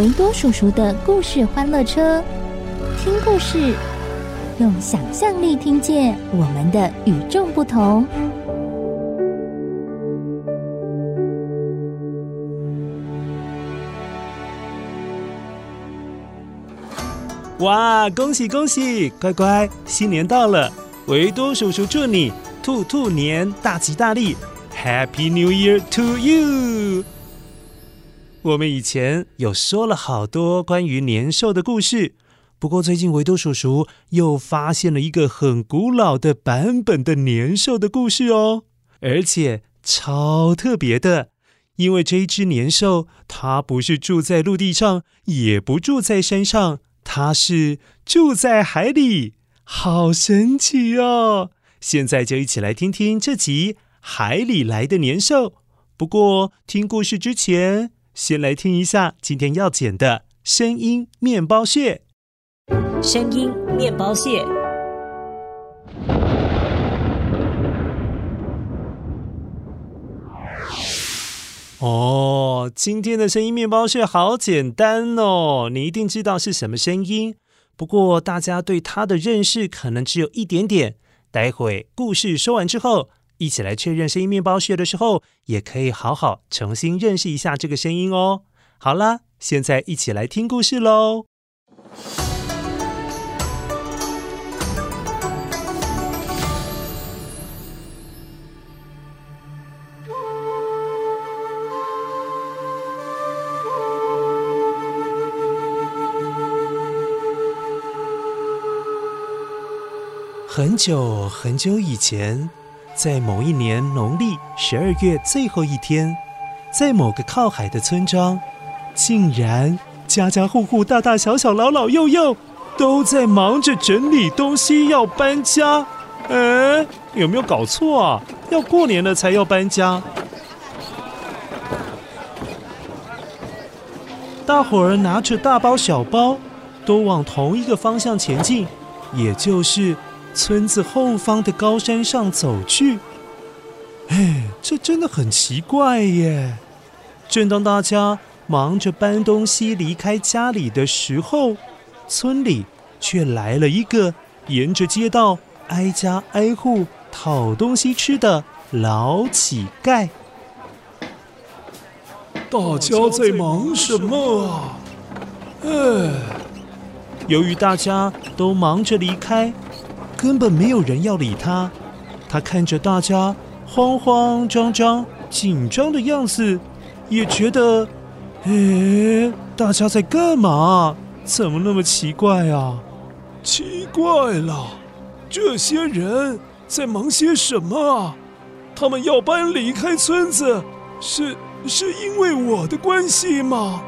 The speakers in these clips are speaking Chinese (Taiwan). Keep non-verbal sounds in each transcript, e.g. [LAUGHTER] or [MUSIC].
維多叔叔的故事歡樂車，聽故事，用想象力聽見我們的與眾不同。哇，恭喜恭喜，乖乖，新年到了！維多叔叔祝你兔兔年大吉大利，Happy New Year to you！我們以前有說了好多關於年獸的故事，不過最近維多叔叔又發現了一個很古老的版本的年獸的故事哦，而且超特別的，因為這一隻年獸它不是住在陸地上，也不住在山上，它是住在海裡，好神奇哦！現在就一起來聽聽這集《海裡來的年獸》。不過聽故事之前，先來聽一下今天要剪的聲音麵包屑。聲音麵包屑。哦，今天的聲音麵包屑好簡單哦，你一定知道是什麼聲音。不過大家對它的認識可能只有一點點，待會故事說完之後。一起來確認聲音面包屑的時候，也可以好好重新認識一下這個聲音哦。好了，現在一起來聽故事嘍。很久很久以前。在某一年農曆十二月最後一天，在某個靠海的村莊，竟然家家戶戶、大大小小、老老幼幼，都在忙着整理東西，要搬家。欸，有沒有搞錯啊？要過年了才要搬家？大夥兒拿着大包小包，都往同一個方向前進，也就是。村子後方的高山上走去。哎，這真的很奇怪耶！正當大家忙着搬東西離開家裡的時候，村裡卻來了一個沿着街道挨家挨戶討東西吃的老乞丐。大家在忙什麼？哎，由於大家都忙着離開。根本沒有人要理他，他看着大家慌慌張張、緊張的樣子，也覺得，誒，大家在幹嘛？怎麼那麼奇怪啊？奇怪了，這些人在忙些什麼啊？他們要搬離開村子，是是因為我的關係嗎？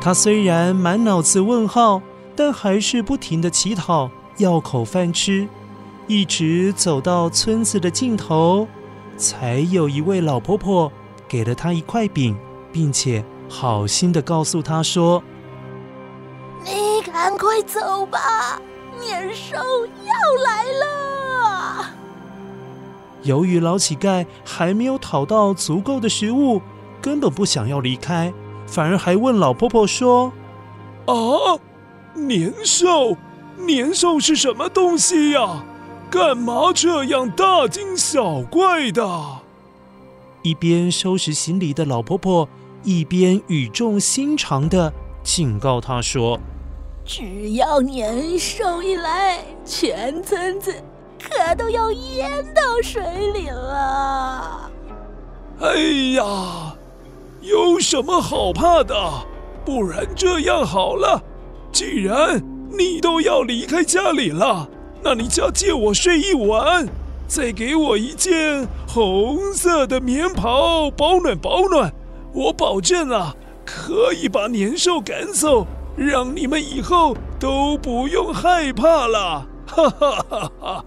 他雖然滿腦子問號。但還是不停的乞討要口飯吃，一直走到村子的盡頭，才有一位老婆婆給了他一塊餅，並且好心的告訴他說：“你趕快走吧，年獸要來了。”由於老乞丐還沒有討到足夠的食物，根本不想要離開，反而還問老婆婆說：“哦。”年獸，年獸是什麼東西呀？幹嘛這樣大驚小怪的？一邊收拾行李的老婆婆一邊語重心長的警告他說：“只要年獸一來，全村子可都要淹到水裡了。”哎呀，有什麼好怕的？不然這樣好了。既然你都要離開家裡了，那你就要借我睡一晚，再給我一件紅色的棉袍保暖保暖。我保證啊，可以把年獸趕走，讓你們以後都不用害怕了。哈哈哈哈！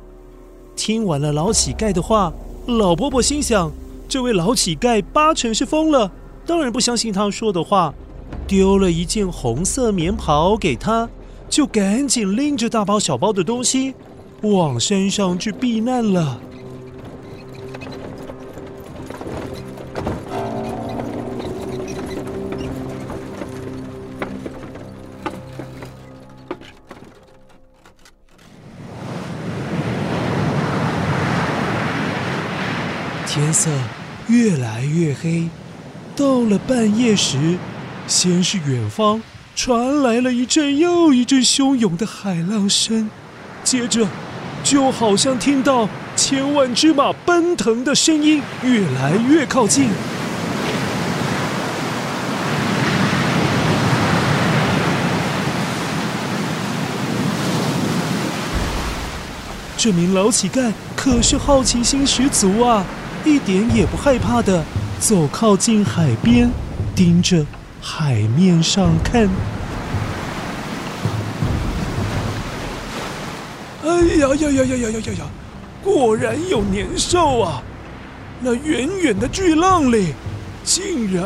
聽完了老乞丐的話，老婆婆心想：這位老乞丐八成是瘋了，當然不相信他說的話。丟了一件紅色棉袍給他，就趕緊拎着大包小包的東西，往山上去避難了。天色越來越黑，到了半夜時。先是遠方傳來了一陣又一陣洶湧的海浪聲，接着，就好像聽到千萬隻馬奔騰的聲音越來越靠近。這名老乞丐可是好奇心十足啊，一點也不害怕的，走靠近海邊，盯着。海面上看，哎呀呀呀呀呀呀呀呀！果然有年獸啊！那遠遠的巨浪裡，竟然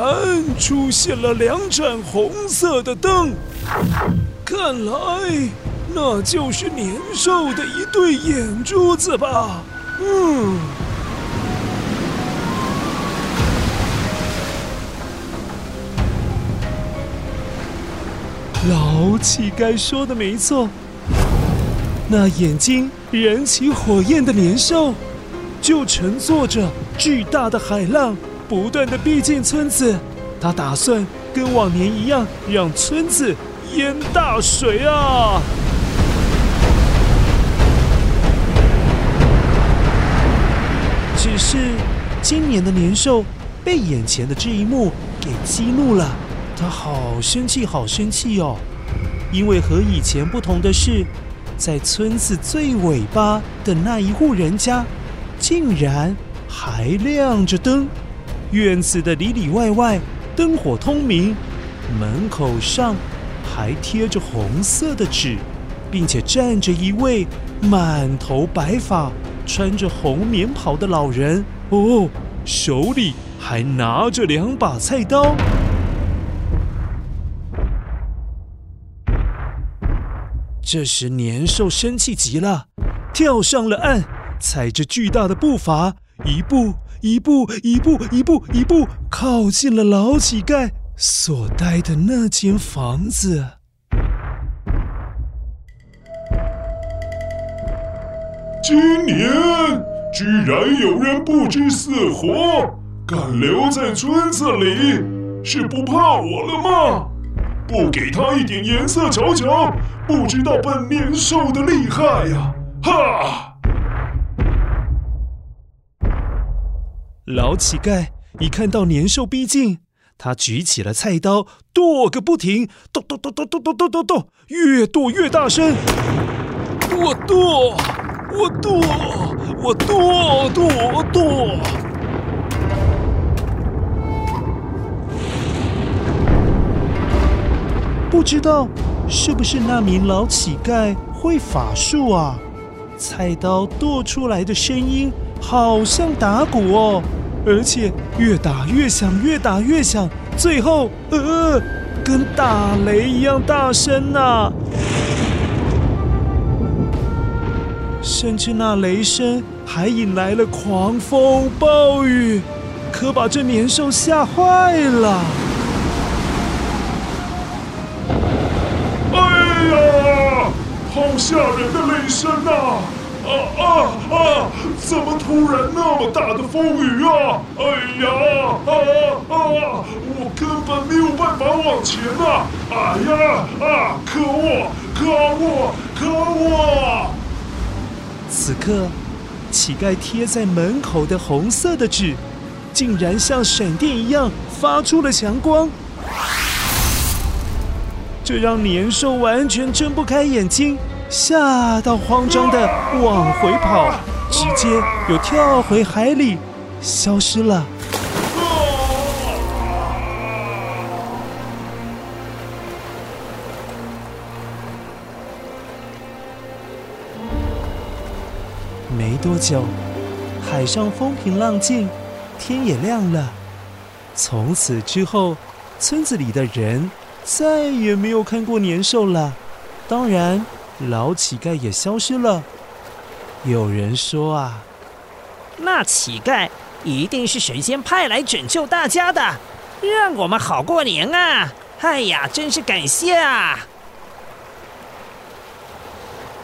出現了兩盞紅色的燈，看來那就是年獸的一對眼珠子吧？嗯。老乞丐說的沒錯，那眼睛燃起火焰的年獸，就乘坐着巨大的海浪，不斷的逼近村子。他打算跟往年一樣，讓村子淹大水啊！只是今年的年獸被眼前的這一幕給激怒了。他好生氣，好生氣哦！因為和以前不同的是，在村子最尾巴的那一戶人家，竟然還亮着燈，院子的裡裡外外燈火通明，門口上還貼着紅色的紙，並且站着一位滿頭白髮、穿着紅棉袍的老人哦，手裡還拿着兩把菜刀。這時，年獸生氣極了，跳上了岸，踩着巨大的步伐，一步一步，一步一步，一步，一步，靠近了老乞丐所待的那間房子。今年居然有人不知死活，敢留在村子裡，是不怕我了嗎？不給他一點顏色瞧瞧，不知道本年獸的厲害呀、啊！哈！老乞丐一看到年獸逼近，他舉起了菜刀剁個不停，剁剁剁剁剁剁剁剁，越剁越大聲，剁剁我剁我剁剁剁。不知道是不是那名老乞丐會法術啊？菜刀剁出來的聲音好像打鼓哦，而且越打越響，越打越響，最後呃，跟打雷一樣大聲吶、啊！甚至那雷聲還引來了狂風暴雨，可把這年獸嚇壞了。嚇人的雷聲吶！啊啊啊，啊！啊、怎麼突然那麼大的風雨啊！哎呀！啊啊，啊！我根本沒有辦法往前啊！哎呀！啊！可惡！可惡！可惡！此刻，乞丐貼在門口的紅色的紙，竟然像閃電一樣發出了強光，這讓年獸完全睜不開眼睛。嚇到慌張的往回跑，直接又跳回海裡，消失了。 [LAUGHS] 沒多久，海上風平浪靜，天也亮了。從此之後，村子裡的人再也沒有看過年獸了。當然，老乞丐也消失了。有人說啊，那乞丐一定是神仙派來拯救大家的，讓我們好過年啊！哎呀，真是感謝啊！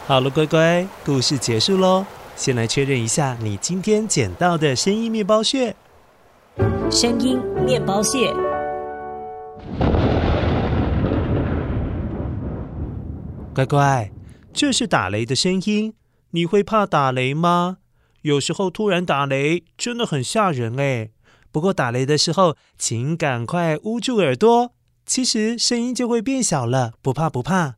好了，乖乖，故事結束嘍。先來確認一下你今天撿到的聲音麵包屑。聲音麵包屑，乖乖。這是打雷的聲音，你會怕打雷嗎？有時候突然打雷真的很嚇人哎。不過打雷的時候，請趕快捂住耳朵，其實聲音就會變小了，不怕不怕。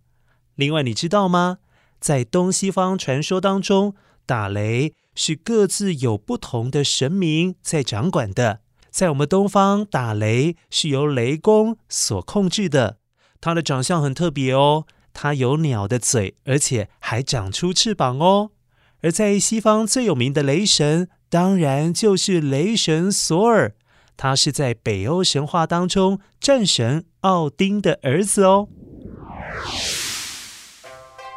另外，你知道嗎？在東西方傳說當中，打雷是各自有不同的神明在掌管的。在我們東方，打雷是由雷公所控制的，他的長相很特別哦。它有鳥的嘴，而且還長出翅膀哦。而在西方最有名的雷神，當然就是雷神索爾。他是在北歐神話當中戰神奧丁的兒子哦。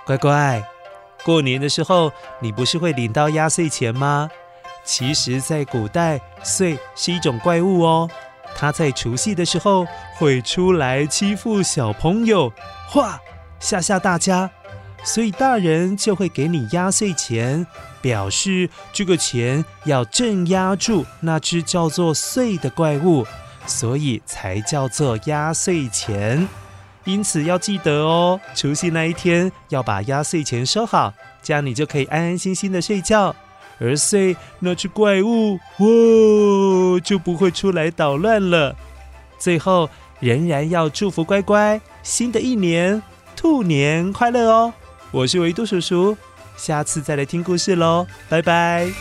乖乖，過年的時候你不是會領到壓歲錢嗎？其實，在古代，歲是一種怪物哦。他在除夕的時候會出來欺負小朋友，哇！嚇嚇大家，所以大人就會給你壓歲錢，表示這個錢要鎮壓住那只叫做“歲”的怪物，所以才叫做壓歲錢。因此要記得哦，除夕那一天要把壓歲錢收好，這樣你就可以安安心心的睡覺，而“歲”那只怪物哦就不會出來搗亂了。最後，仍然要祝福乖乖新的一年，兔年快樂哦！我是維多叔叔，下次再來聽故事嘍，拜拜。